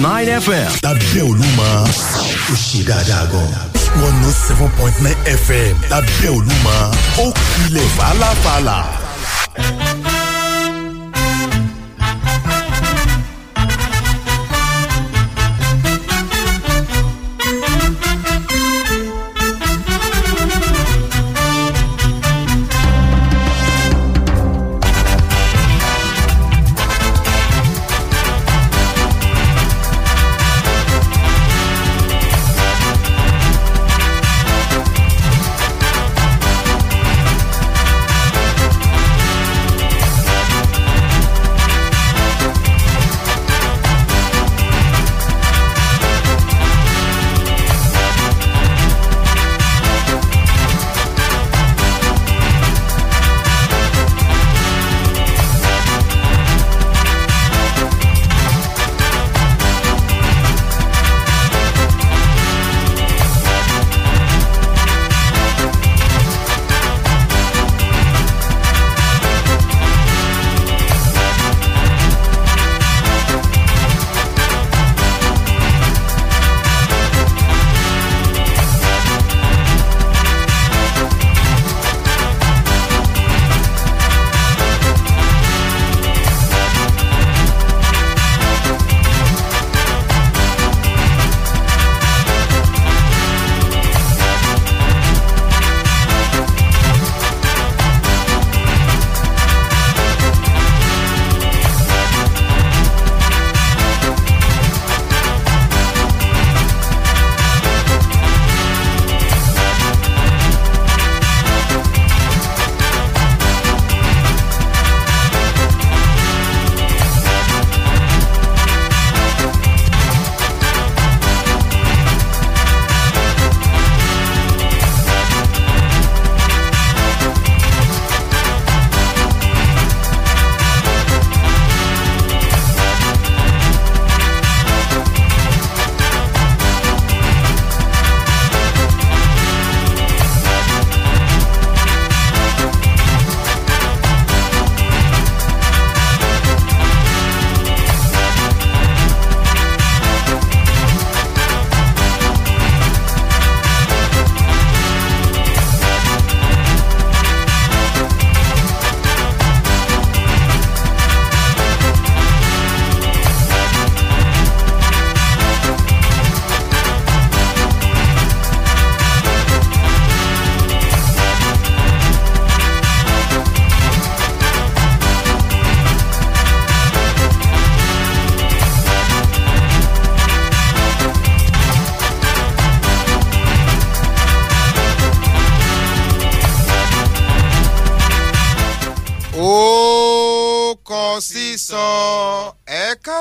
107.9 FM. Lábẹ́ Olúmọ, ó ṣe dáadáa gan. one oh seven point nine FM lábẹ́ Olúmọ, ó kilẹ̀ fàlàfàlà.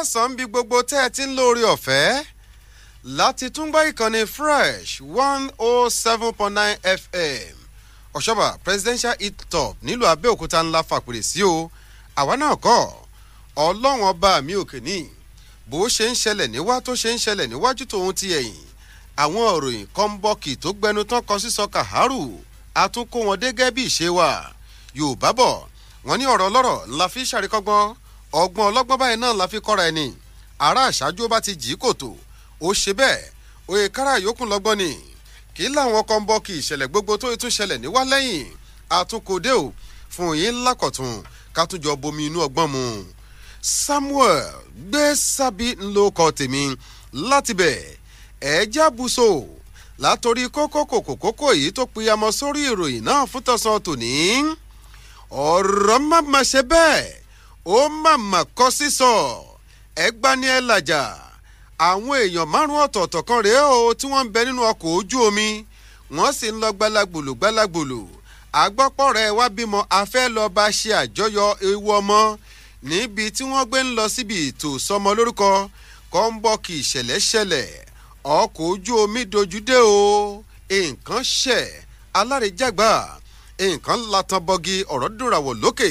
lọ́sàn-án bí gbogbo tẹ́ ẹ ti ń lóore ọ̀fẹ́ láti tún gbọ́ ìkànnì fresh one oh seven point nine fm ọ̀ṣọ́bà presidential hit top nílùú abẹ́òkúta ńlá fàpèrè sí o àwa náà kọ́ ọlọ́run ọba mi òkè ní bó ṣe ń ṣẹlẹ̀ níwá tó ṣe ń ṣẹlẹ̀ níwájú tòun ti ẹ̀yìn àwọn òròyìn kọ́ńbọ́ọ̀kì tó gbẹnu tán kọ sísọ kàhárù àtúnkó wọn dé gẹ́gẹ́ ìṣe wa yorùbá bọ̀ wọ́n ní ọ̀rọ̀ ọlọ́rọ̀ la fi ṣàríkọ́gbọ́n ọgbọ́n ọlọ́gbọ́n báyìí náà la fi kọ́ra ẹni ará àṣáájú bá ti jì í kòtò ó ṣe bẹ́ẹ̀ oyè kára yòókù lọ́gbọ́n ni kì í láwọn kan bọ́ kí ìṣẹ̀lẹ̀ gbogbo tó tún ṣẹlẹ̀ níwá lẹ́yìn àtúnkòdé ò fún yín lákọ̀tún kátúnjọ bomi inú ọgbọ́n mu Samuel gbé sábì ńlọkọ tèmi láti bẹ̀ ẹ̀ẹ́jà buso látòrí kókó kòkó kókó yìí tó piyamọ sórí ìròyìn náà fún tọ̀sán tòní ọ̀rọ̀ má má ṣe bẹ́ẹ̀ ó màmá kọ́ sísọ ẹgbá ní ẹ àwọn èèyàn márùn ọ̀tọ̀ọ̀tọ̀ kan rèé o tí wọ́n ń bẹ nínú ọkọ̀ ojú omi wọ́n sì ń lọ gbalagbòlò gbalagbòlò àgbọ́pọ̀ rẹ̀ wá bímọ afẹ́ lọ bá ṣe àjọyọ̀ ewu ọmọ níbi tí wọ́n gbé ń lọ síbi ètò sọmọ lórúkọ kọ́ńbọ́ọ̀kì ìṣẹ̀lẹ̀ ṣẹlẹ̀ ọkọ̀ ojú omi dojúdé o nǹkan ṣẹ̀ alárèjàgbà nǹkan latanbọgi ọ̀rọ̀ dùnràwọ̀ lókè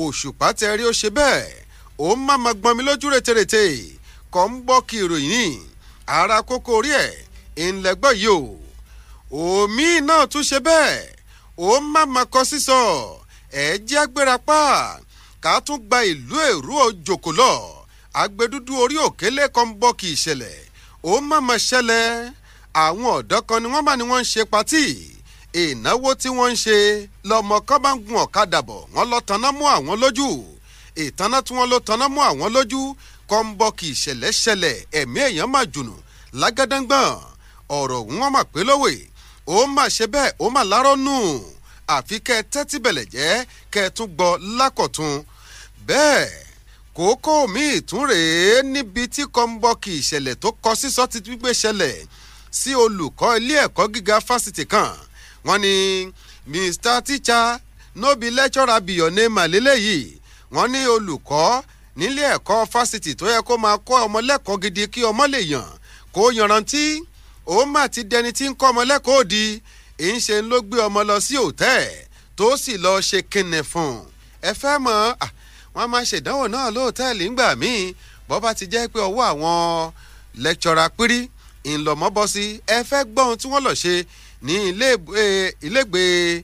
òṣùpá tẹ rí ó ṣe bẹ́ẹ̀ ó má ma gbọ́n mi lójú reterete kọ́ ń gbọ́ kí ìròyìn ní ara kókó orí ẹ̀ ńlẹ́gbọ́ yìí o omi náà tún ṣe bẹ́ẹ̀ ó má ma kọ sísọ ẹ̀ jẹ́ agbérapá ká tún gba ìlú èrú òjòkó lọ agbẹdúdú orí òkèlè kan ń bọ́ kí ìṣẹ̀lẹ̀ ó má ma ṣẹlẹ̀ àwọn ọ̀dọ́ kan ni wọ́n bá ní wọ́n ń ṣe patí ìnáwó tí wọ́n ń ṣe lọ́mọ kán bá ń gun ọ̀kadà bọ̀ wọ́n lọ tanná mú àwọn lójú ìtaná tí wọ́n lọ tanná mú àwọn lójú kọ́ńbọ́ọ̀kì ìṣẹ̀lẹ̀ ṣẹlẹ̀ ẹ̀mí èèyàn máa jùnù lágádángbọ̀n ọ̀rọ̀ òun wọn mà pé lówè ó mà ṣe bẹ́ẹ̀ ó mà lárọ́ nù àfi kẹ́ ẹ tẹ́tí bẹ̀lẹ̀ jẹ́ kẹ́ ẹ tún gbọ́ lákọ̀tún bẹ́ẹ̀ kókó míì tún rèé níbi tí kọ́ńbọ́ọ̀kì ìṣẹ̀lẹ̀ tó kọ sísọ ti gbígbé ṣẹlẹ̀ sí olùkọ́ ilé ẹ̀kọ́ gíga fásitì kan wọ́n ní mr teacher no be lecturer be your name àlélẹ́yìí wọ́n ní olùkọ́ nílé ẹ̀kọ́ fásitì tó yẹ kó máa kọ́ ọmọ lẹ́kọ̀ọ́ gidi kí ọmọ lè yàn kó yanrantí òun mà ti dẹni tí ń kọ́ ọmọ lẹ́kọ̀ọ́ òdi ń ṣe ló gbé ọmọ lọ sí òtẹ́ẹ̀ tó sì lọ ṣe kinní fún ẹ fẹ́ mọ̀ wọ́n máa ṣèdánwò náà lóòtẹ́ẹ̀lì ńgbà míì bọ́ bá ti jẹ́ pé ọwọ́ àwọn lẹ́kṣọ́ra pírí ńlọmọ́bọ́sí ẹ fẹ́ gbọ́ ohun tí wọ́n lọ ṣe ní eh, ilégbè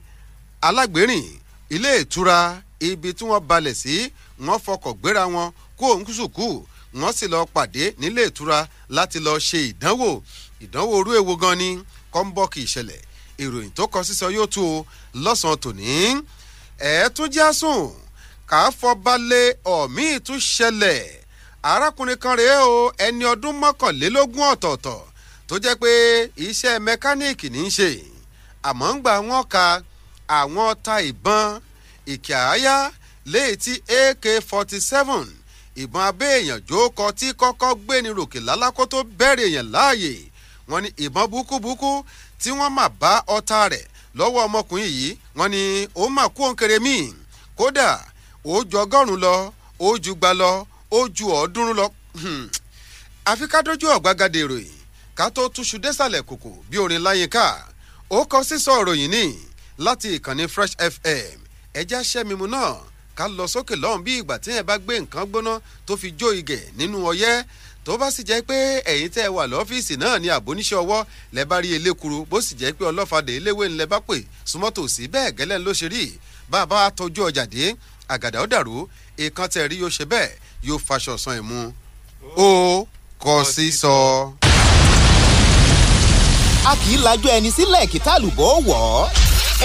alágbérìn ilé ìtura ibi tí wọ́n balẹ̀ sí wọ́n fọkọ̀ gbéra wọn kó òǹkùsùkù wọ́n sì lọ pàdé nílé ìtura láti lọ ṣe ìdánwò ìdánwò orú èwo gan ni kọ́ńbọ́ọ̀kì ìṣẹ̀lẹ̀ ìròyìn tó kọ sísọ yóò tó lọ́sàn-án tòní ẹ̀ẹ́dúnjásùn káfọ́balẹ̀ ọ̀mí ìtúṣẹlẹ̀ arákùnrin kan rèé o ẹni ọdún mọ́kànlélógún ọ̀tọ̀ọ̀tọ̀ tó jẹ́ pé iṣẹ́ mẹkáníìkì ní í ṣe àmọ́ ń gbà wọ́n ka àwọn ọta ìbọn ìkẹ́ àáyá léyìí ak forty seven ìbọn abẹ́ èèyàn jókòó tí kọ́kọ́ gbé ní ròkè lálákó tó bẹ̀rẹ̀ èèyàn láàyè wọ́n ní ìbọn búkúbúkú tí wọ́n mà bá ọta rẹ̀ lọ́wọ́ ọmọkùnrin yìí wọ́n ní ó mà kú òǹkèrè míì kódà ó ju ọgọ́rùn-ún lọ ó ju gba lọ ó ju ọ̀ọ́dúnrún lọ hmm. àfi ká dójú ọ̀gbagadè ròyìn ká tó túṣu désàlẹ̀ kòkò bí orin láyínká ó kọ sísọ òròyìn ní láti ìkànnì fresh fm ẹjẹ́ aṣẹ́mimu náà ká lọ sókè lọ́hùn bí ìgbà tí ẹ bá gbé nǹkan gbóná tó fi jó igẹ̀ nínú ọyẹ́ tó bá sì jẹ́ pé ẹ̀yin tẹ́ ẹ wà lọ́fíìsì náà ní àbóníṣẹ́ ọwọ́ lẹ bá rí elékuru bó sì jẹ́ pé ọlọ́fadà eléwé ńlẹ bá pè súnmọ́ tòsí bẹ́ẹ̀ gẹ́lẹ́ ló ṣe rí bá tọjú ọjà dé àgàdà ó dàrú èèkan tẹ̀ yóò ṣe bẹ́ẹ̀ yóò faṣọ san ìmú ó kọ sí sọ a kì í lajú ẹni sílẹ̀ kìtà lùbọ́ wọ̀ ọ́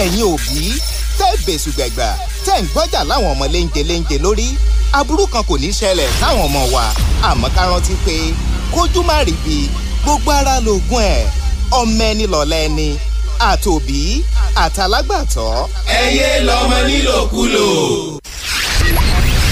ẹ̀yin òbí tẹ́ bẹ̀sù gbẹ̀gbà tẹ́ ń gbọ́jà láwọn ọmọ léńjẹ léńjẹ lórí aburú kan kò ní ṣẹlẹ̀ láwọn ọmọ wa àmọ́ ká rántí pé kójú má rí bi gbogbo ara lògùn ẹ̀ ọmọ ẹni lọ̀lẹ́ ẹni àtòbí àtàlágbàtọ́. ẹ yé lọmọ nílòkulò.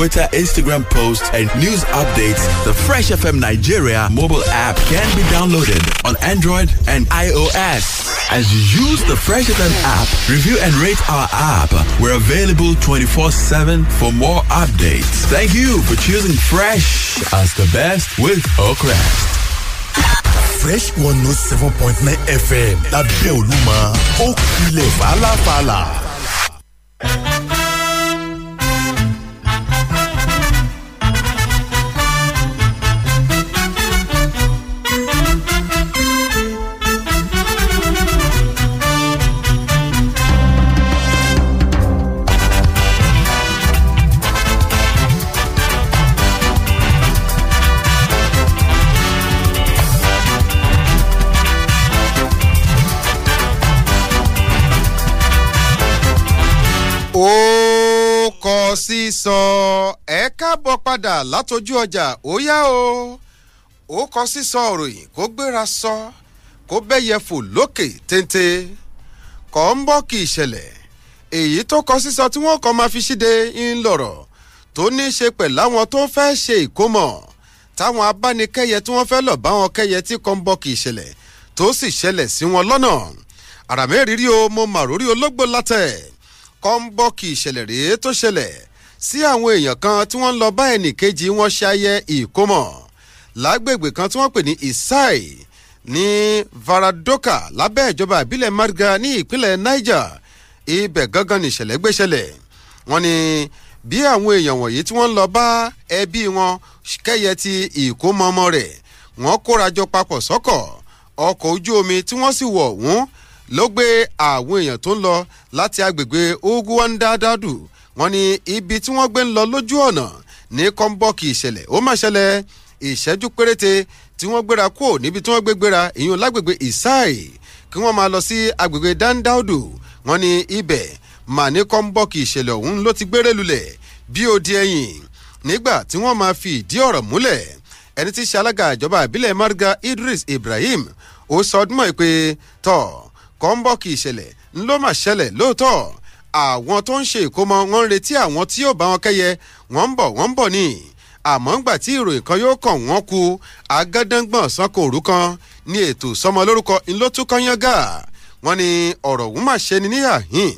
Twitter, Instagram posts, and news updates, the Fresh FM Nigeria mobile app can be downloaded on Android and iOS. As you use the Fresh FM app, review and rate our app. We're available 24 7 for more updates. Thank you for choosing Fresh as the best with Oakrest. Fresh 107.9 FM be Olúmọ ó fala fala. sọ ẹ káàbọ̀ padà látọjú ọjà ó yá o ó kọ sísọ òròyìn kó gbéra sọ kó bẹ́yẹ fò lókè téńté kọ́ ń bọ́ kí ìṣẹ̀lẹ̀ èyí tó kọ sísọ tí wọ́n kọ́ máa fi ṣíde ń lọ̀rọ̀ tó ní í ṣe pẹ̀lú àwọn tó fẹ́ ṣe ìkómọ̀ táwọn abánikẹ́yẹ tí wọ́n fẹ́ lọ bá wọn kẹ́yẹ tí kọ́ ń bọ́ kí ìṣẹ̀lẹ̀ tó sì ṣẹlẹ̀ sí wọn lọ́nà àràmẹ́rìírí o mo màrórí ológbò látẹ̀ kọ́ ń bọ́ kí sí àwọn èèyàn kan tí wọ́n ń lọ bá ẹnìkejì wọn ṣayẹ ìkómọ̀ lágbègbè kan tí wọ́n pè ní isai ní varadoka lábẹ́ ìjọba ìbílẹ̀ marga ní ìpínlẹ̀ niger ibẹ̀ gangan nìṣẹ̀lẹ̀ gbéṣẹ̀lẹ̀ wọ́n ní bí àwọn èèyàn wọ̀nyí tí wọ́n ń lọ bá ẹbí wọn kẹ́yẹ ti ìkómọ ọmọ rẹ̀ wọ́n kórajọ papọ̀ sọ́kọ̀ ọkọ̀ ojú omi tí wọ́n sì wọ̀ ọ̀hún ló gbé àwọn èèyàn tó ń lọ láti agbègbè oguwandadadu wọ́n ní ibi tí wọ́n gbé ń lọ lójú ọ̀nà ní kọ́ńbọ́ọ̀kì ìṣẹ̀lẹ̀ ó mà ṣẹlẹ̀ ìṣẹ́jú péréte tí wọ́n gbéra kúrò níbi tí wọ́n gbé gbéra ìyún lágbègbè ìsáì kí wọ́n máa lọ sí agbègbè dandaudu wọ́n ní ibẹ̀ mà ní kọ́ńbọ́ọ̀kì ìṣẹ̀lẹ̀ ọ̀hún ló ti gbére lulẹ̀ bí ó di ẹ̀yìn nígbà tí wọ́n máa fi ìdí ọ̀rọ̀ múlẹ̀ ẹni tí í ìjọba ìbílẹ̀ marga idris ibrahim ó sọ ọdún mọ́ ẹ pé tọ́ kọ́ńbọ́ọ̀kì ìṣẹ̀lẹ̀ ńlọ́mà ṣẹlẹ̀ lóòótọ́ àwọn tó ń ṣe ìkómọ wọn ń retí àwọn tí yóò bá wọn kẹ́yẹ wọ́n ń bọ̀ wọ́n ń bọ̀ ni àmọ́ ńgbà tí ìròyìn kan yóò kàn wọ́n ku agádángbọ̀n sanko òru kan ní ètò sọmọ lórúkọ ńlọtúkọyángá wọ́n ní ọ̀rọ̀ òun mà ṣe ni níyàhín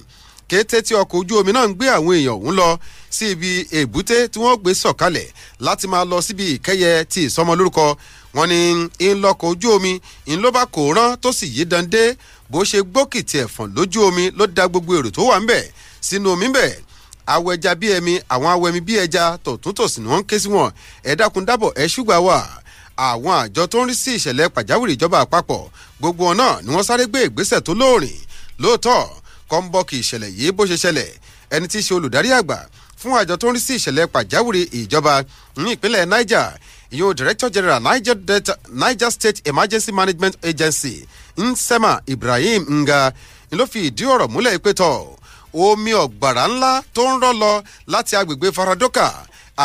kété tí ọkọ̀ ojú omi náà ń gbé àwọn èèyàn òun lọ sí ibi èbúté tí wọ́n gbé sọ̀kalẹ̀ láti máa lọ síbi ìkẹ́yẹ ti ìsọmọ wọ́n ní ńlọkọ̀ ojú omi ńlọ́ba kò rán tó sì yí dande bó ṣe gbókìtì ẹ̀fọ̀n lójú omi ló da gbogbo èrò tó wà ń bẹ̀ sínú omi ń bẹ̀ awọ ẹja bíi ẹmi àwọn awọ ẹmi bíi ẹja tọ̀tún tòsì ni wọ́n ń ké sí wọn ẹ dákun dábọ̀ ẹ ṣúgbà wà àwọn àjọ tó ń rí sí ìṣẹ̀lẹ̀ pàjáwìrì ìjọba àpapọ̀ gbogbo ọ̀nà ni wọ́n sáré gbé ìgbésẹ̀ tó lóòrìn lóòótọ́ kọ́ńbọ́ọ̀kì ìṣẹ̀lẹ̀ yìí bó ṣe ṣẹlẹ̀ ẹni tí í ṣe olùdarí àgbà fún àjọ tó ń rí sí ìṣẹ̀lẹ̀ pàjáwìrì ìjọba ní ìpínlẹ̀ niger ìyó director general niger, Delta, niger state emergency management agency nsema ibrahim nga ni ló fi ìdí ọ̀rọ̀ múlẹ̀ pé tọ̀ omi ọ̀gbàrá ńlá tó ń rọ́ lọ láti agbègbè faradoka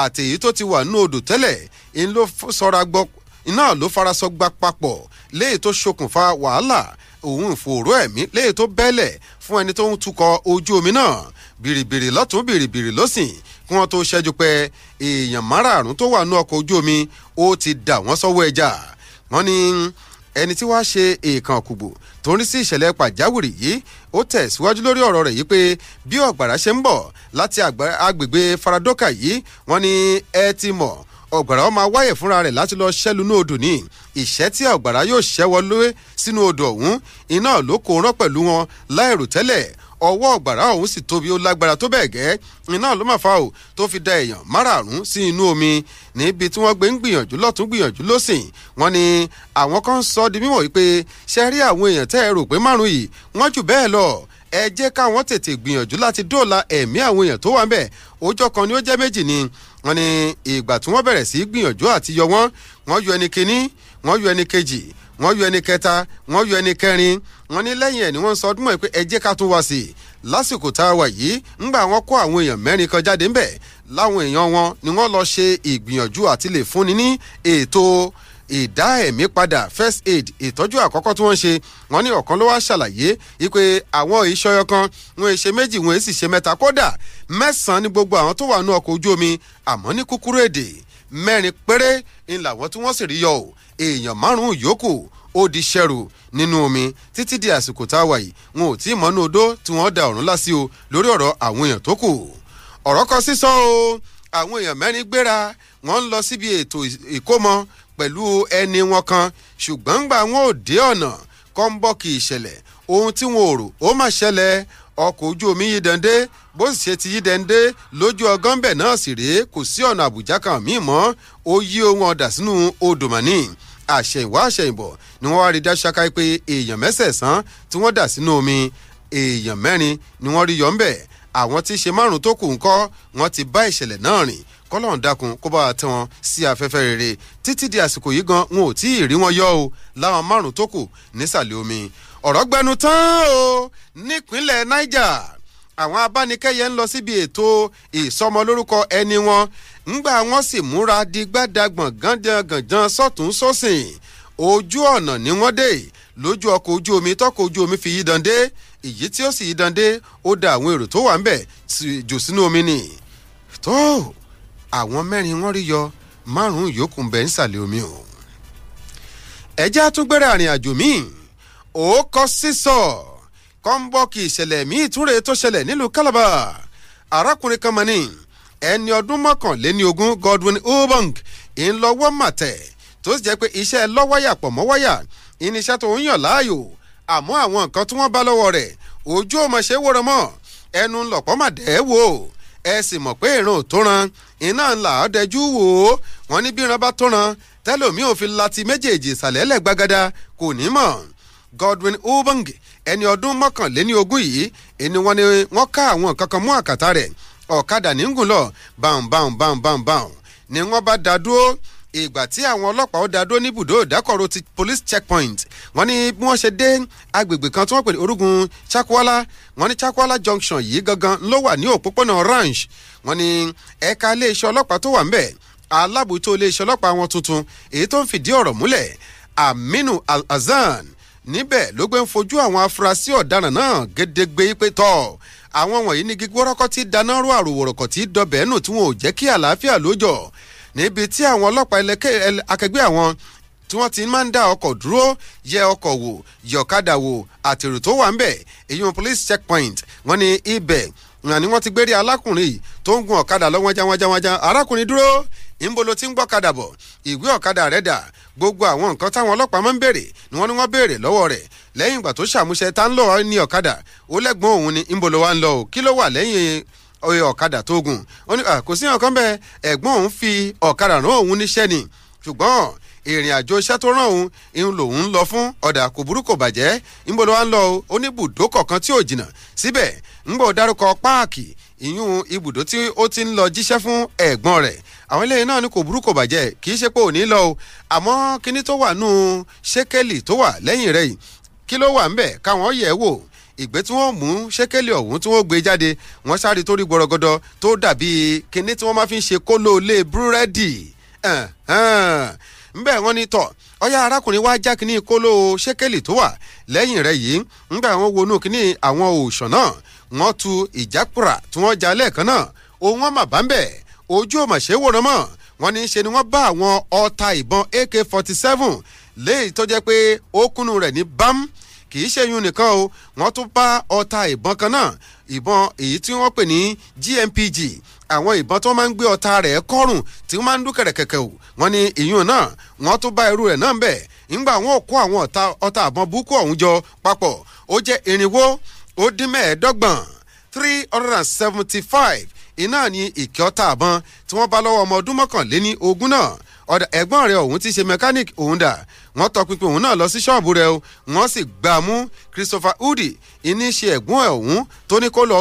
àti èyí tó ti wà nínú odò tẹ́lẹ̀ ń ló sọra gbọ́ iná ló farasọ gba papọ̀ léyìí tó ṣokùnfà wàhálà òun ìfòòró ẹ̀mí léyìí tó bẹ́lẹ̀ fún ẹni tó ń tukọ̀ ojú omi náà bìrìbìrì lọ́tún bìrìbìrì lọ́sìn kí wọ́n tó ṣẹ́jú pé èèyàn márààrún tó wà ní ọkọ̀ ojú omi ó ti dà wọ́n sọ́wọ́ ẹja wọ́n ní ẹni tí wàá ṣe èèkàn kùgbò tó ń rí sí ìṣẹ̀lẹ̀ pàjáwìrì yìí ó tẹ̀síwájú lórí ọ̀rọ̀ rẹ̀ yìí pé bí ọ̀gbàrá ṣe ń bọ̀ láti agbègbè faradoka yìí wọ́n ní ẹ ti mọ̀ ọ̀gbàrá ọmọ awáyè fúnra rẹ̀ láti lọ ṣẹ́lu ní odò ní ìṣẹ́ tí ọ̀gbàrá yóò ṣẹ́ sínú odò ọ̀hún iná ló kó rán pẹ̀lú wọn láìrò ọwọ́ ọ̀gbàrá ọ̀hún sì tóbi ó lágbára tó bẹ́ẹ̀ gẹ́ iná ló máa fa ò tó fi da èèyàn márààrún sí inú omi níbi tí wọ́n gbé ń gbìyànjú lọ́tún gbìyànjú lọ́sìn wọ́n ní àwọn kan sọ di mímọ̀ wípé ṣe rí àwọn èèyàn tẹ́ ẹ rò pé márùn yìí wọ́n jù bẹ́ẹ̀ lọ ẹ jẹ́ káwọn tètè gbìyànjú láti dóòlà ẹ̀mí àwọn èèyàn tó wà ń bẹ̀ ọjọ́ kan ni ó jẹ́ méjì ni wọ́n ní ìgbà tí wọ́n bẹ̀rẹ̀ sí gbìyànjú àti yọ wọ́n wọ́n yọ ẹni kíní wọ́n yọ ẹni kejì wọ́n yọ ẹni kẹta wọ́n yọ ẹni kẹrin wọ́n ní lẹ́yìn ẹ̀ ni wọ́n ń sọ ọdún mọ̀ pé ẹ jẹ́ ká tún wá sí i lásìkò tá a wà yìí ńgbà wọ́n kó àwọn èèyàn mẹ́rin kan jáde ńbẹ̀ láwọn èèyàn wọn ni wọ́n lọ ṣe ìgbìyànjú àti lè fúnni ní ètò ìdá ẹ̀mí padà first aid ìtọ́jú àkọ́kọ́ tí wọ́n ṣe wọ́n ní ọ̀kan ló wá ṣàlàyé wípé àwọn ìṣọyọ kan wọn èṣe méjì wọn èsì ṣe mẹ́ta kódà mẹ́sàn-án ni gbogbo àwọn tó wà nú ọkọ̀ ojú omi àmọ́ ní kúkúrú èdè mẹ́rin péré ń làwọn tí wọ́n sì rí yọ ò èèyàn márùn-ún yòókù ó di ṣẹrù nínú omi títí di àsìkò tá a wà yìí wọn ò tí ì mọ́nú odó tí wọ́n da ọ̀run lásì o lórí ọ̀rọ̀ àwọn èèyàn tó kù ọ̀rọ̀ kan sísọ o àwọn èèyàn mẹ́rin gbéra wọ́n ń lọ síbi ètò ìkómọ pẹ̀lú ẹni wọn kan ṣùgbọ́n gbà wọn ò dé ọ̀nà kọ́ńbọ́ọ̀kì ìṣẹ̀lẹ̀ ohun tí wọn ò rò ó mà ṣẹlẹ̀ ọkọ̀ ojú omi yídande bó sì ṣe ti yídande lójú ọgọ́ńbẹ̀ náà sì rèé kò sí ọ̀nà àbújá kan míì mọ́ ó yí ohun ọ̀dà sínú odò mọ́ni àṣẹ̀yìnwá àṣẹ̀yìnbọ̀ ni wọ́n wá rí dájú ṣáká pé èèyàn mẹ́sẹ̀ẹ̀sán tí wọ́n dà sínú omi èèyàn mẹ́rin ni wọ́n rí yọ ńbẹ̀ àwọn tí í ṣe márùn tó kù ńkọ́ wọ́n ti bá ìṣẹ̀lẹ̀ náà rìn kọ́lọ́run dákun kó bá wa tẹ́ wọn sí afẹ́fẹ́ rere títí di àsìkò yìí gan wọn ò tí ì rí wọn yọ o láwọn márùn tó kù nísàlẹ̀ omi ọ̀rọ̀ gbẹnu tán o nípínlẹ̀ niger àwọn abánikẹ́yẹ ń lọ síbi ètò ìsọmọlórúkọ ẹni wọn ńgbà wọn sì múra di gbàdàgbọ̀n gàndàngàndàn sọ́tún sósìn ojú ọ̀nà ni wọ́n dé lójú ọkọ̀ ojú omi tọkọ̀ ojú omi fi yí dande èyí tí ó sì yí dande ó da àwọn èrò tó wà ń bẹ̀ jù sínú omi nì tó àwọn mẹ́rin wọ́n rí yọ márùn-ún yòókù ń bẹ ń sàlẹ̀ omi o ẹ̀jẹ̀ àtúngbẹ̀rẹ̀ àrìn àjò míì òókọ́ sísọ kọ́ńbọ́ọ̀kì ìṣẹ̀lẹ̀ míì túnre tó ṣẹlẹ̀ nílùú Calabar arákùnrin kan mọ̀ni ẹni ọdún mọ́kànléní ogún Godwin Obong ńlọ́wọ́ màtẹ̀ tó sì jẹ́ pé iṣẹ́ lọ́wọ́yà pọ̀ mọ́wọ́yà irinṣẹ́ tó ń yàn láàyò àmọ́ àwọn nǹkan tí wọ́n bá lọ́wọ́ rẹ̀ ojú ọmọ ṣe wọ́rọ̀ mọ́ ẹnu lọ̀pọ̀ mà dẹ́ wò ẹ sì mọ̀ pé ìran ò tó ran iná ńlá ọ̀dẹ́jú wò ó wọ́n ní bí ìran bá tó ran tẹ́lòmí ò fi láti méjèèjì ìsàlẹ̀ lẹ̀ gbagada kò ní mọ̀ Godwin Ubangi ẹni ọdún mọ́kànléní ogún yìí ẹni wọ́n ní wọ́n ká àwọn kankan mú àkàtà rẹ̀ ọ̀kadà ní gùn lọ báun báun báun báun báun ni wọ́n bá dá dúró ìgbà tí àwọn ọlọ́pàá ó dá dúró ní ibùdó ìdákọ̀ró ti police checkpoint wọ́n ní bí wọ́n ṣe dé agbègbè kan tí wọ́n pè ní orúgun Chakwala wọ́n ní Chakwala junction yìí gangan ló wà ní òpópónà Orange wọ́n ní ẹ̀ka iléeṣẹ́ ọlọ́pàá tó wà ń bẹ̀ alábòójútó iléeṣẹ́ ọlọ́pàá wọn tuntun èyí tó ń fìdí ọ̀rọ̀ múlẹ̀ Aminu al níbẹ̀ ló gbé ń fojú àwọn afurasí ọ̀daràn náà gédégbé pé tọ́ àwọn wọ̀nyí ní gígbórọ́kọ́ tí dáná rú àròwòrọ̀kọ̀ tí dọbẹ̀ nù tí wọn ò jẹ́ kí àlàáfíà lójọ níbi tí àwọn ọlọ́pàá akẹgbẹ́ àwọn tí wọ́n ti máa ń dá ọkọ̀ dúró yẹ ọkọ̀ wò yẹ ọ̀kadà wò àtèrò tó wà ń bẹ̀ èyàn police checkpoint wọ́n ní ibẹ̀ ni wọ́n ti gbé rí alákùnrin tó ń gun ọ̀kadà lọ arákùnrin dúró ńbo lo ti ń gbọ́kadà bọ̀ ìwé ọ̀kadà rẹ̀ dà gbogbo àwọn nǹkan táwọn ọlọ́pàá máa ń béèrè ni wọ́n ní wọ́n béèrè lọ́wọ́ rẹ̀ lẹ́yìn ìgbà tó ṣàmúṣe tá ń lọ ní ọ̀kadà ó lẹ́gbọ́n òun ni ńbo lo wá ń lọ o kí ló wà lẹ́yìn oyè e, ọ̀kadà tó gùn ó ní kò sí ọ̀kan bẹ́ẹ̀ ẹ̀gbọ́n òun fi ọ̀kadà rán òun níṣẹ́ ni ṣùgbọ́n ìrìn àjò iṣẹ́ tó rán òun ìhun lòun lọ fún ọ̀dà kò burú bàjẹ́ ńbo lo ń lọ o ó ní bùdókọ̀ kan tí ò jìnnà síbẹ̀ ńgbọ́ dárúkọ páàkì ìyún ibùdó tí ó ti ń lọ jíṣẹ́ fún ẹ̀gbọ́n rẹ̀ àwọn eléyìí náà ni kò burú kò bàjẹ́ kì í ṣe pé òní lọ o àmọ́ kíní tó wà nù ṣékélì tó wà lẹ́yìn rẹ̀ yìí kí ló wà ń bẹ̀ káwọn yẹ̀ wò ìgbé tí wọ́n mú ṣékélì ọ̀hún tí wọ́n gbé jáde wọ́n sáré torí gbọ́rọ̀gọ́dọ̀ tó dàbí kíní tí wọ́n máa fi ń ṣe kóló lé búrẹ́dì ńbẹ wọ́n ní tọ ọyá arákùnrin wa já kínní kóló ṣékélì tó wà lẹ́yìn rẹ̀ yìí ńgbà wọ́n wọnú kínní àwọn òòṣàn náà wọ́n tu ìjákùrà tí wọ́n ja lẹ́ẹ̀kan náà òun wọn mà bá ń bẹ̀ ojú òmàṣe wòran mọ́ wọ́n ní í ṣe ni wọ́n bá àwọn ọta ìbọn ak forty seven léyìí tó jẹ́ pé ó kúnnú rẹ̀ ní bámú kì í ṣe yun nìkan o wọ́n tún bá ọta ìbọn kan náà ìbọn èyí tí wọ́n pè ní gmpg àwọn ìbọn tó máa ń gbé ọta rẹ̀ kọ́rùn tí wọ́n máa ń dún kẹ̀rẹ̀kẹ̀kẹ̀ o wọ́n ní ìyún náà wọ́n tún bá irú rẹ̀ náà ń ńgbà wọn ò kó àwọn ọta ọta àbọn búkú ọ̀hún jọ papọ̀ ó jẹ́ irinwó ó dín mẹ́ẹ̀ẹ́dọ́gbọ̀n three hundred and seventy five iná ní ìkẹ́ ọ̀tá àbọn tí wọ́n bá lọ́wọ́ ọmọ ọdún mọ́kànléní ogún náà ọ̀dà ẹ̀gbọ́n rẹ̀ òun ti ṣe mechanic òun dà wọ́n tọpinpin òun náà lọ sí ṣọ́ọ̀bù rẹ̀ wọ́n sì gbà mú Christopher Udi iní ṣe ẹ̀gbọ́n ẹ̀ òun tó ní kó lọ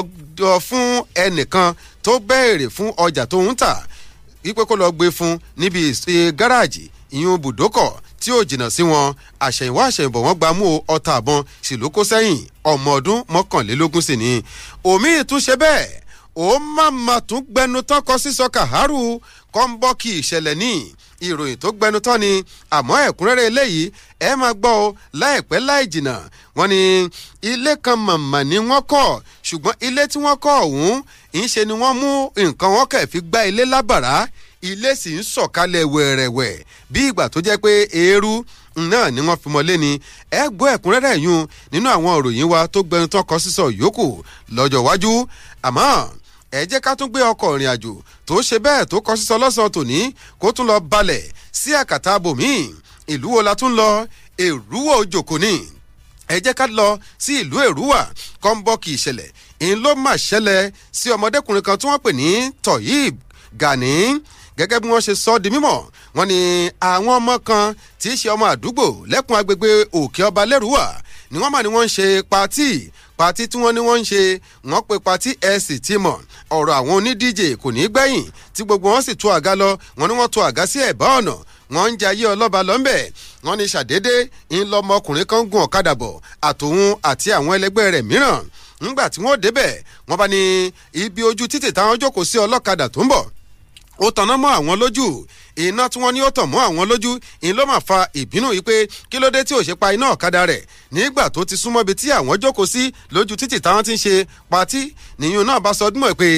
fún ẹnìkan tó béèrè fún ọjà tó ń tà wípé kó lọ gbé fún níbi ìṣe gáràjì ìyún bùdókọ̀ tí ò jìnnà sí wọn àṣẹ̀yìnwá àṣẹ̀yìnbọ̀ wọ́n gbámú ọta àbọn sì ló kó sẹ́yìn ọmọ ọdún mọ́kànlélógún sì ni omi ìtúnṣe bẹ́ẹ̀ ó má má tún gbẹnu tán kọ sísọ kàhárù kọ́ńbọ́ọ̀kì ìṣẹ̀lẹ̀ ní ìròyìn tó gbẹnu tán ni àmọ́ ẹ̀kúnrẹ́rẹ́ eléyìí ẹ máa gbọ́ ọ láìpẹ́ láì jìnnà wọ́n ní ilé kan màmá ni wọ́n kọ́ ṣùgbọ́n ilé tí wọ́n kọ́ ọ̀hún ń ni wọ́n mú nǹkan wọn kẹ̀ fi gbá ilé lábàrá ilé sì ń sọ̀kalẹ̀ wẹ̀rẹ̀wẹ̀ bí ìgbà tó jẹ́ pé eérú náà ni wọ́n fi mọ́lé ni ẹ gbọ́ ẹ̀kúnrẹ́rẹ́ yún nínú àwọn òròyìn wa tó gbẹnu tán kọ sísọ yòókù lọ́jọ́ iwájú àmọ́ ẹ jẹ́ ká tún gbé ọkọ̀ ìrìn àjò tó ṣe bẹ́ẹ̀ tó kọ sísọ lọ́sàn-án tòní kó tún lọ balẹ̀ sí àkàtà abòmíì ìlú wo la tún lọ èrúwò òjòkó ni ẹ jẹ́ ká lọ sí ìlú èrúwà kọ́ńbọ́ọ̀kì ìṣẹ̀lẹ̀ ń ló mà ṣẹlẹ̀ sí ọmọdékùnrin kan tí wọ́n pè ní toyib gani gẹ́gẹ́ bí wọ́n ṣe sọ di mímọ̀ wọ́n ní àwọn ọmọ kan tí í ṣe ọmọ àdúgbò lẹ́kùn agbègbè òkè ọba lẹ́rùwà ni wọ́n mà ní wọ́n ń ṣe patí patí tí wọ́n ní wọ́n ń ṣe wọ́n pe patí ẹ̀sì tí mọ̀ ọ̀rọ̀ àwọn oní dj kò ní gbẹ̀yìn tí gbogbo wọn sì tú àga lọ wọ́n ní wọ́n tú àga sí ẹ̀bá ọ̀nà wọ́n ń jayé ọlọ́ba lọ́nbẹ̀ wọ́n ní ṣàdédé ń lọ́mọkùnrin kan gun ọ̀kadà bọ̀ àtòun àti àwọn ẹlẹgbẹ́ rẹ̀ mìíràn nígbà tí wọ́n débẹ̀ wọ́n bá ní ibi ojú títì táwọn jókòó sí ọlọ́kadà tó ń bọ̀ ó tanná mọ́ àwọn lójú iná tí wọ́n ní ó tàn mọ́ àwọn lójú ìyẹn ló máa fa ìbínú yìí pé kí ló dé tí ò ṣe pa iná ọ̀kadà rẹ̀ nígbà tó ti súnmọ́ ibi tí àwọn jókòó sí lójú títì táwọn ti ń ṣe patí nìyẹn náà bá sọ ọdún mọ̀ pé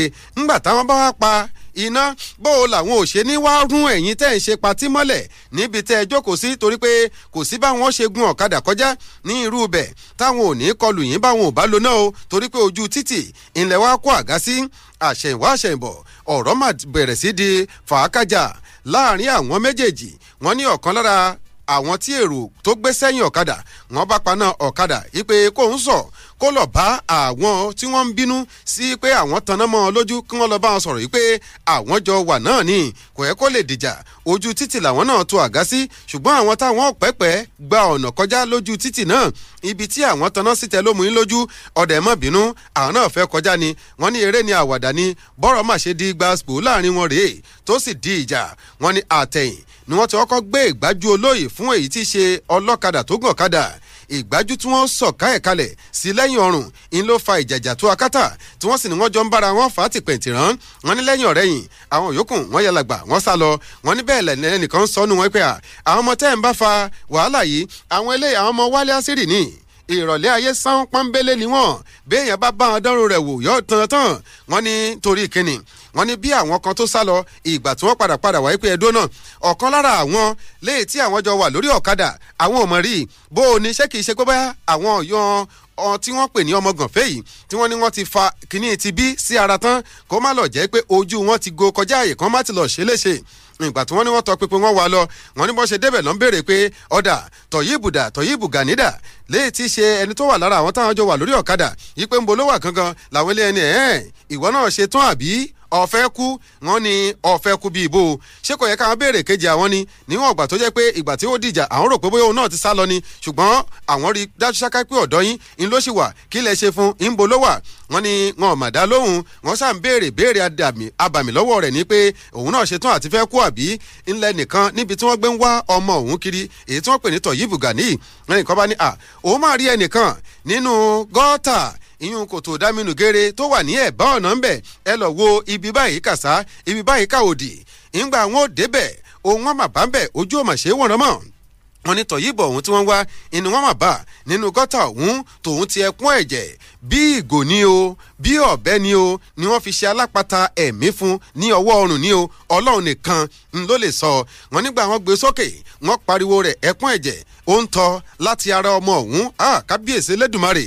ńgbà táwọn bá wá pa iná bó o làwọn ò ṣe ní wá rún ẹ̀yìn tẹ́ ń ṣe patí mọ́lẹ̀ níbi tẹ́ ẹ jókòó sí torí pé kò sí báwọn ṣe gun ọ̀kadà kọjá ní irú bẹ̀ táwọn ò ní kọlù yín báwọn ò bá lo náà o torí pé ojú títì ìnlẹ̀ wa kó àga sí àṣẹ̀yìnwá àṣẹ̀yìnbọ̀ ọ̀rọ̀ mà bẹ̀rẹ̀ sí di fàákàjà láàrin àwọn méjèèjì wọ́n ní ọ̀kan lára àwọn tí èrò tó gbé sẹ́yìn ọ̀kadà wọ́n bá paná ọ̀kadà yí pé kóun sọ̀ kó lọ bá àwọn tí wọ́n ń bínú sí pé àwọn tanná mọ́ ọ lójú kí wọ́n lọ bá wọn sọ̀rọ̀ yìí pé àwọn jọ wà náà ni kò yẹ kó lè dìjà ojú títì làwọn náà tó àga sí ṣùgbọ́n àwọn táwọn pẹ́pẹ́ gba ọ̀nà kọjá lójú títì náà ibi tí àwọn tanná sí tẹ lómú lójú ọ̀dẹ̀ mọ́ bínú àwọn náà fẹ́ kọjá ni wọ́n ní eré ni àwàdà ni bọ́rọ̀ má ṣe di gbàspo láàrin wọn rèé tó sì di ìjà wọ́n ní àtẹ̀yìn ni wọ́n ti kọ́kọ́ gbé ìgbájú olóyè fún èyí tí ṣe ọlọ́kadà tó gàn kadà ìgbájú tí wọ́n sọ̀ká ẹ̀ kalẹ̀ sí lẹ́yìn ọrùn ń ló fa ìjàjà tó akátá tí wọ́n sì ní wọ́n jọ ń bára wọn fà á ti pẹ̀ǹtì rán wọn ní lẹ́yìn ọ̀rẹ́ yìí àwọn yòókù wọ́n yà lágbà wọ́n sá lọ wọ́n ní bẹ́ẹ̀ lẹ́nìkan sọnù wọn pé àwọn ọmọ tẹ́ ń bá fa wàhálà yìí àwọn eléyìí àwọn ọmọ wálé àṣírí nìyí ìrọ̀lẹ́ ayé sáwọn pọ́nbélé ni wọ́n béèyàn bá bá wọn dánrò rẹ̀ wò yọ tán tán wọ́n ní torí kínní wọ́n ní bí àwọn kan tó sá lọ ìgbà tí wọ́n padà padà wáyé pé ẹdó náà ọ̀kan lára àwọn léyìí tí àwọn jọ wà lórí ọ̀kadà àwọn ò mọ̀ rí bó o ní ṣé kìí ṣe pé bá àwọn ọ̀yàn tí wọ́n pè ní ọmọgànfẹ́ yìí tí wọ́n ní wọ́n ti fa kínní ti bí sí ara tán kó má lọ jẹ́ pé ojú wọn ti go kọjá àyè kan má ti lọ ṣe léṣe ìgbà tí wọ́n ní wọ́n tọ́ pípé wọ́n wá lọ wọ́n ní bọ́n ṣe débẹ̀ lọ́n béèrè pé ọ̀dà tọ̀yìbùdà tọ̀yìbùgànídà léyìí tí í ṣe ẹni tó wà lára àwọn táwọn jọ wà lórí ọ̀kadà yìí pé ń bo ló làwọn ilé ẹni ẹ̀ ìwọ náà ṣe tán àbí ọ̀fẹ́ kú wọ́n ní ọ̀fẹ́ kú bíi ibo ṣé kò yẹ káwọn béèrè kejì àwọn ni níwọ̀n ìgbà tó jẹ́ pé ìgbà tí ó dìjà àwọn rò pé bóyá òun náà ti sá lọ ni ṣùgbọ́n àwọn rí dájú ṣáká pé ọ̀dọ́ yín ń ló ṣì wà kí lẹ ṣe fún ń bo ló wà wọ́n ní wọn ò mà dá lóhùn wọ́n sàn béèrè béèrè abàmì lọ́wọ́ rẹ̀ ni pé òun náà ṣetán àti fẹ́ kú àbí ńlẹ̀ nìkan níbi tí wọ́n gbé ń wá ọmọ òun kiri èyí tí wọ́n pè ní tọ̀yìbù gani ẹnìkan bá ní à òun máa rí ẹnìkan nínú gọ́tà ìyún kòtò dámínú géré tó wà ní ẹ̀bá ọ̀nà ńbẹ̀ ẹ lọ wo ibi báyìí kàsá ibi báyìí káòdì ìgbà wọn ò débẹ̀ òun wọn mà bá ń bẹ̀ ojú ò mà ṣe wọ̀n mọ́ wọn ní tọ̀yìnbọ̀ ọ̀hún tí wọ́n wá inú wọn mà bá nínú gọ́tà ọ̀hún tòun ti ẹkún ẹ̀jẹ̀ bí ìgò ni o bí ọ̀bẹ ni o ni wọ́n fi ṣe alápatà ẹ̀mí fún ní ọwọ́ ọrùn ni o ọlọ́run nìkan ń ló lè sọ wọn nígbà wọn gbé sókè wọn pariwo rẹ̀ ẹkún ẹ̀jẹ̀ ó ń tọ́ láti ara ọmọ ọ̀hún ah, kábíyèsí lẹ́dùnmarè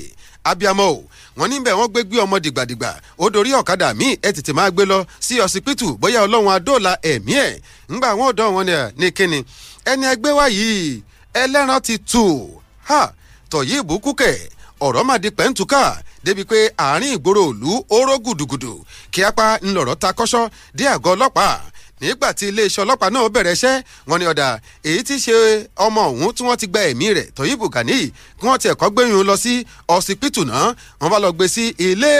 abiyamọ o wọ́n níbẹ̀ wọ́n gbé gbé ọmọ dìgbàdìgbà ó dorí ọ̀kadà míì ẹ tètè máa gbé lọ sí ọsibítù bóyá ọlọ́run adóòlà ẹ̀mí ẹ̀ ńgbà wọn ò dán wọn ní kíni ẹni ẹgbẹ́ wa yìí ẹlẹ́ran ti tù ha tọ̀yí ìbúkúkẹ̀ ọ̀rọ̀ máa di pẹ́ǹtùkà débi pé àárín ìgboro òlu oró gùdùgùdù kí apá ńlọrọ̀ ta kọ́ṣọ́ dé àgọ́ ọlọ́pàá nígbà tí iléeṣẹ́ ọlọ́pàá náà bẹ̀rẹ̀ iṣẹ́ wọn ni ọ̀dà èyí ti ṣe ọmọ ọ̀hún tí wọ́n ti gba ẹ̀mí rẹ̀ Toyibu Gani kí wọ́n ti ẹ̀kọ́ gbẹ̀yìn lọ sí ọsibítù náà wọ́n bá lọ gbé sí ilé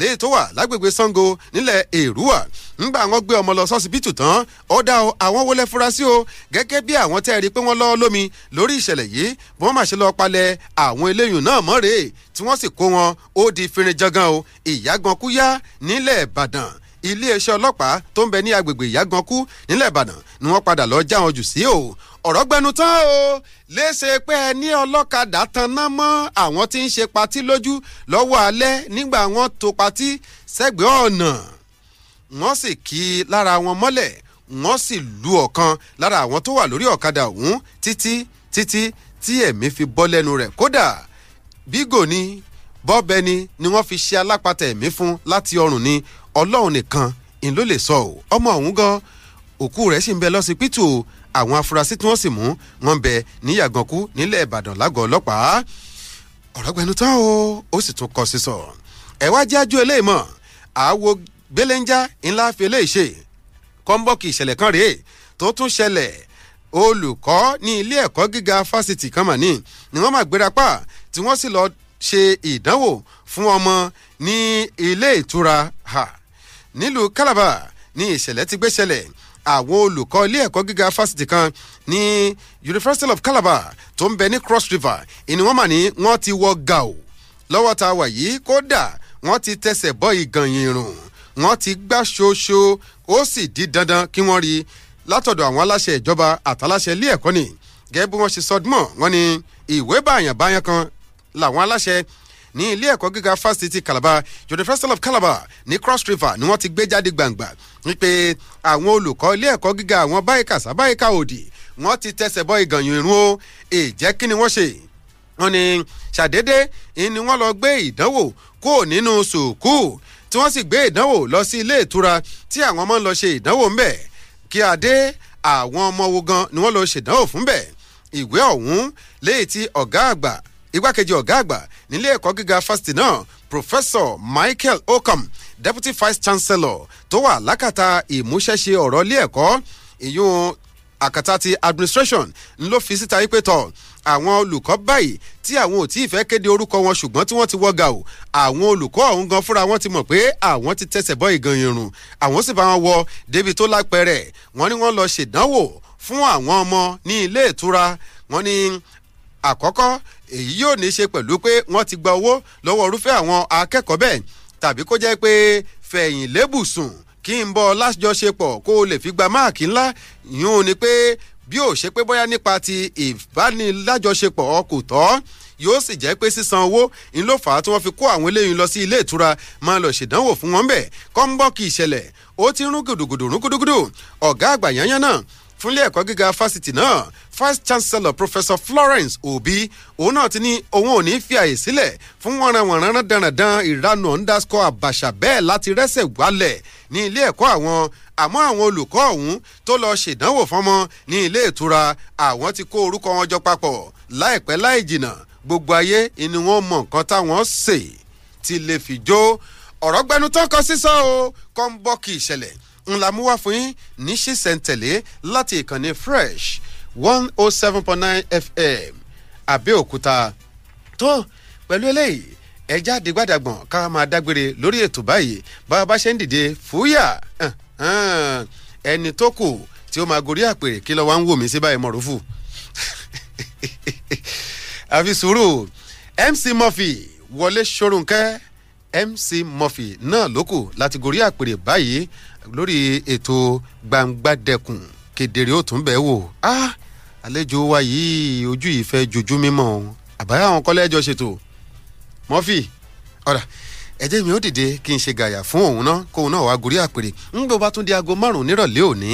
léyìí tó wà lágbègbè Sango nílẹ̀ Èrúwà ńgbà àwọn gbé ọmọ lọ sọsibítù tán ó dá o àwọn wọlé furasí o gẹ́gẹ́ bí àwọn tẹ́ ẹ rí i pé wọ́n lọ́ lómi lórí ìṣẹ̀lẹ̀ yìí bí wọ́n máa ṣe lọ́ọ́ palẹ̀ àwọn eléyìí náà mọ́ rèé tí wọ́n sì kó wọn ó di fínrin o ìyá gan kúyá nílẹ̀ Ìbàdàn iléeṣẹ́ ọlọ́pàá tó ń bẹ ní agbègbè ìyágankú nílẹ̀ ìbàdàn ni wọ́n padà lọ́ọ́ já wọn jù sí o ọ̀rọ̀ gbẹnu tán o léṣe pé ẹ ní ọlọ́kadà tanná mọ́ àwọn tí ń ṣe patí lójú lọ́wọ́ alẹ́ nígbà wọn tó patí sẹ́gbẹ̀ẹ́ ọ̀nà wọ́n sì kí lára wọn mọ́lẹ̀ wọ́n sì lu ọ̀kan lára àwọn tó wà lórí ọ̀kadà ọ̀hún títí títí tí ẹ̀mí fi bọ́ lẹ́nu rẹ̀ kódà bígò ni bọ́ọ̀bẹ ni ni wọ́n fi ṣe alápatà ẹ̀mí fún láti ọrùn ni ọlọ́run nìkan ń ló lè sọ ọ́ ọmọ ọ̀hún gan òkú rẹ̀ sì ń bẹ lọ́sibítù àwọn afurasí tí wọ́n sì mú wọn bẹ níyàgànkú nílẹ̀ ìbàdàn lágọ̀ọ́ ọlọ́pàá ọ̀rọ̀ gbẹnu tán o ó sì tún kọ sísọ ẹ wá jájú eléyìí mọ̀ àwo gbéléńjá ńlá fi eléyìí ṣe kọ́ńbọ́ọ̀kì ìṣẹ̀lẹ̀ kan rèé tó tún ṣẹlẹ̀ olùkọ́ ní ilé ẹ̀kọ́ gíga fásitì kan mà ni wọ́n máa gbérapá tí wọ́n sì lọ ṣe ìdánwò fún ọmọ ní ilé ìtura ha nílùú calabar ní ìṣẹ̀lẹ̀ ti gbé ṣẹlẹ̀ àwọn olùkọ́ ilé ẹ̀kọ́ gíga fásitì kan ní university of calabar tó ń bẹ ní cross river ìní wọ́n mà ní wọ́n ti wọ gàù lọ́wọ́ ta wà yìí kódà wọ́n ti tẹsẹ̀ bọ́ ìgànyìn irun wọ́n ti gbá ṣoṣo ó sì di dandan kí wọ́n rí látọ̀dọ̀ àwọn aláṣẹ ìjọba àtàláṣẹ ilé ẹ̀kọ́ ni gẹ́gẹ́ bí wọ́n ṣe sọdúnmọ́ wọ́n ní ìwé báyàn báyàn kan làwọn aláṣẹ ní ilé ẹ̀kọ́ gíga fásitì calabar university of calabar ní cross river ni wọ́n ti gbé jáde gbangba wípé àwọn olùkọ́ ilé ẹ̀kọ́ gíga àwọn báyìíkà sábáyìíkà òdì wọ́n ti tẹsẹ̀ bọ́ ìgànyìn irun o èjẹ́ kí ni wọ́n ṣe wọ́n ní ṣàdédé ni wọ́n lọ gbé ìdánwò kó nínú sùkúù tí wọ́n sì gbé ìdánwò lọ sí ilé ìtura tí àwọn ọmọ ń lọ ṣe ìdánwò ńbẹ̀ kí adé àwọn ọmọ wo gan ni wọ́n lọ ṣèdánwò fún bẹ́ẹ̀ ìwé ọ̀hún léyìí tí ọ̀gá àgbà igbákejì ọ̀gá àgbà nílé ẹ̀kọ́ gíga fásitì náà professor michael okom deputy vice chancellor tó wà lákàtà ìmúṣẹ́ṣe ọ̀rọ̀ ilé ẹ̀kọ́ ìyún àkàtà ti administration ń ló fi síta yí pé tọ àwọn olùkọ́ báyìí tí àwọn ò tí ì fẹ́ kéde orúkọ wọn ṣùgbọ́n tí wọ́n ti wọ́gà o àwọn olùkọ́ ọ̀hún gan fúnra wọn ti mọ̀ pé àwọn ti tẹ̀sẹ̀ bọ́ ìgan irun àwọn sì bá wọn wọ débi tó lápẹ̀rẹ̀ wọ́n ní wọ́n lọ ṣèdánwò fún àwọn ọmọ ní ilé ìtura wọ́n ní àkọ́kọ́ èyí yóò ní í ṣe pẹ̀lú pé wọ́n ti gba owó lọ́wọ́ irúfẹ́ àwọn akẹ́kọ̀ọ́ bẹ́ẹ̀ tàbí kó jẹ́ pé fẹ̀yìn lébùsùn kí n bọ́ lájọṣepọ̀ kó o lè fi gba máàkì ńlá yún ni pé bí ò ṣe pé bóyá nípa ti ìbánilájọṣepọ̀ kò tọ́ yóò sì jẹ́ pé sísan owó ń ló fà á tí wọ́n fi kó àwọn eléyìí lọ sí ilé ìtura máa lọ ṣèdánwò fún wọn bẹ́ẹ̀ kọ́ńbọ́ọ̀kì ìṣẹ̀lẹ̀ ó ti rún gùdùgùdù rún gùdùgùdù ọ̀gá àgbà yányán náà fúnlé ẹ̀kọ́ gíga fásitì náà vice chancellor professor florence obi òun náà ti ní òun ò ní fi àyè sílẹ̀ fún wọ̀nranwọ̀nran dandan ìranu underscore àbàṣà bẹ́ẹ̀ láti rẹ́sẹ̀ wálẹ̀ ní ilé ẹ̀kọ́ àwọn àmọ́ àwọn olùkọ́ ọ̀hún tó lọ ṣèdánwò fọ́mọ ní ilé ìtura àwọn ti kó orúkọ wọn jọ papọ̀ láìpẹ́ láì jìnnà gbogbo ayé ni wọ́n mọ nǹkan táwọn ṣe ti lè fi jó ọ̀rọ̀ gbẹnu tán kan sísọ o kọ́ ń bọ́ kí ìṣẹ̀lẹ̀ ń la mú wá fún yín ní ṣísẹ̀ntẹ̀lé láti ìkànnì fresh one oh seven point nine fm àbẹ́òkúta tó pẹ̀lú eléyìí ẹja àdìgbàdàgbọ̀n ká máa dágbére lórí ètò báyìí bá a bá ṣe ń dìde fúyà ẹni tó kù tí ó máa gorí àpèrè kí ló wá ń wò mí sí báyìí mọ̀rúfù àfi sùúrù mc murphy wọlé ṣorúnkẹ́ mc murphy náà lókù láti gorí àpèrè báyìí lórí ètò gbangbadẹkùn kedere ó tún bẹ́ẹ̀ wò ah àlejò wa yìí ojú ìfẹ́ jojú mímọ́ àbáyá àwọn kọ́lẹ́jọ ṣètò mọ́fì ọ̀rà ẹ̀jẹ̀ mi ó dìde kí n ṣe gàyà fún òun náà kóun náà wá gorí àpèrè ń gbọ́ bá tún di aago márùn nírọ̀lẹ́ òní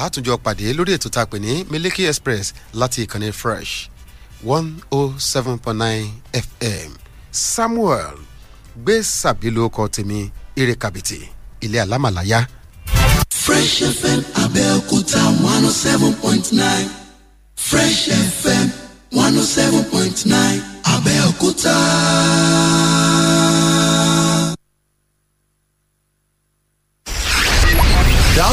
àátúnjọ pàdé lórí ètò tá pè ní Miliki Express láti ìkànnì fresh one oh seven point nine fm Samuel gbé sàbí lóko tèmi ire ilé alámàláyá. Fresh FM Abẹ́òkúta one oh seven point nine Fresh FM one oh seven point nine Abẹ́òkúta.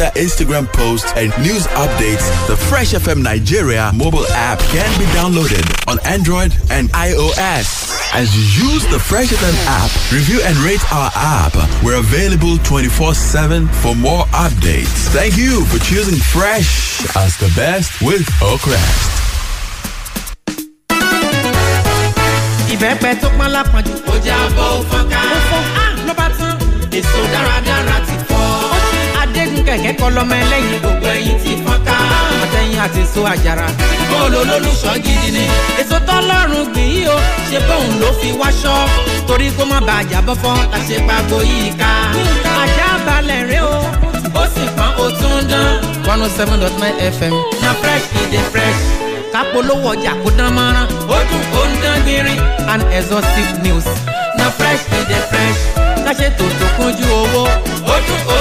Twitter, Instagram posts, and news updates, the Fresh FM Nigeria mobile app can be downloaded on Android and iOS. As you use the Fresh FM app, review and rate our app. We're available 24 7 for more updates. Thank you for choosing Fresh as the best with Oakrest. ìbẹ́pẹ tó pọ́n lápọ̀jù. ó fọ́nká. ó fọ́n ah, á tán. èso dáradára ti kẹ̀kẹ́ kọ lọ́mọ ẹlẹ́yin gbogbo ẹyin ti fọ́nká. àtẹ̀yìn àti so àjàrà. bọ́ọ̀lù olólùṣọ́ gidi ni. èso tọ́lọ́run gbìn yìí o ṣe bóun ló fi wáṣọ. torí kó má bàa jábọ́ fọ́ la ṣe pàgbo yìí ká. àjà balẹ̀ rẹ o. ó sì pọn o tún dán. one oh seven dot nine fm. na fresh e dey fresh. kápolówó ọjà kó dán mọ́rán. ó dùn ó ń dán gbinrin. an exhaustive news. na fresh e dey fresh. ká ṣètò tó kúnjú owó. ó dùn ó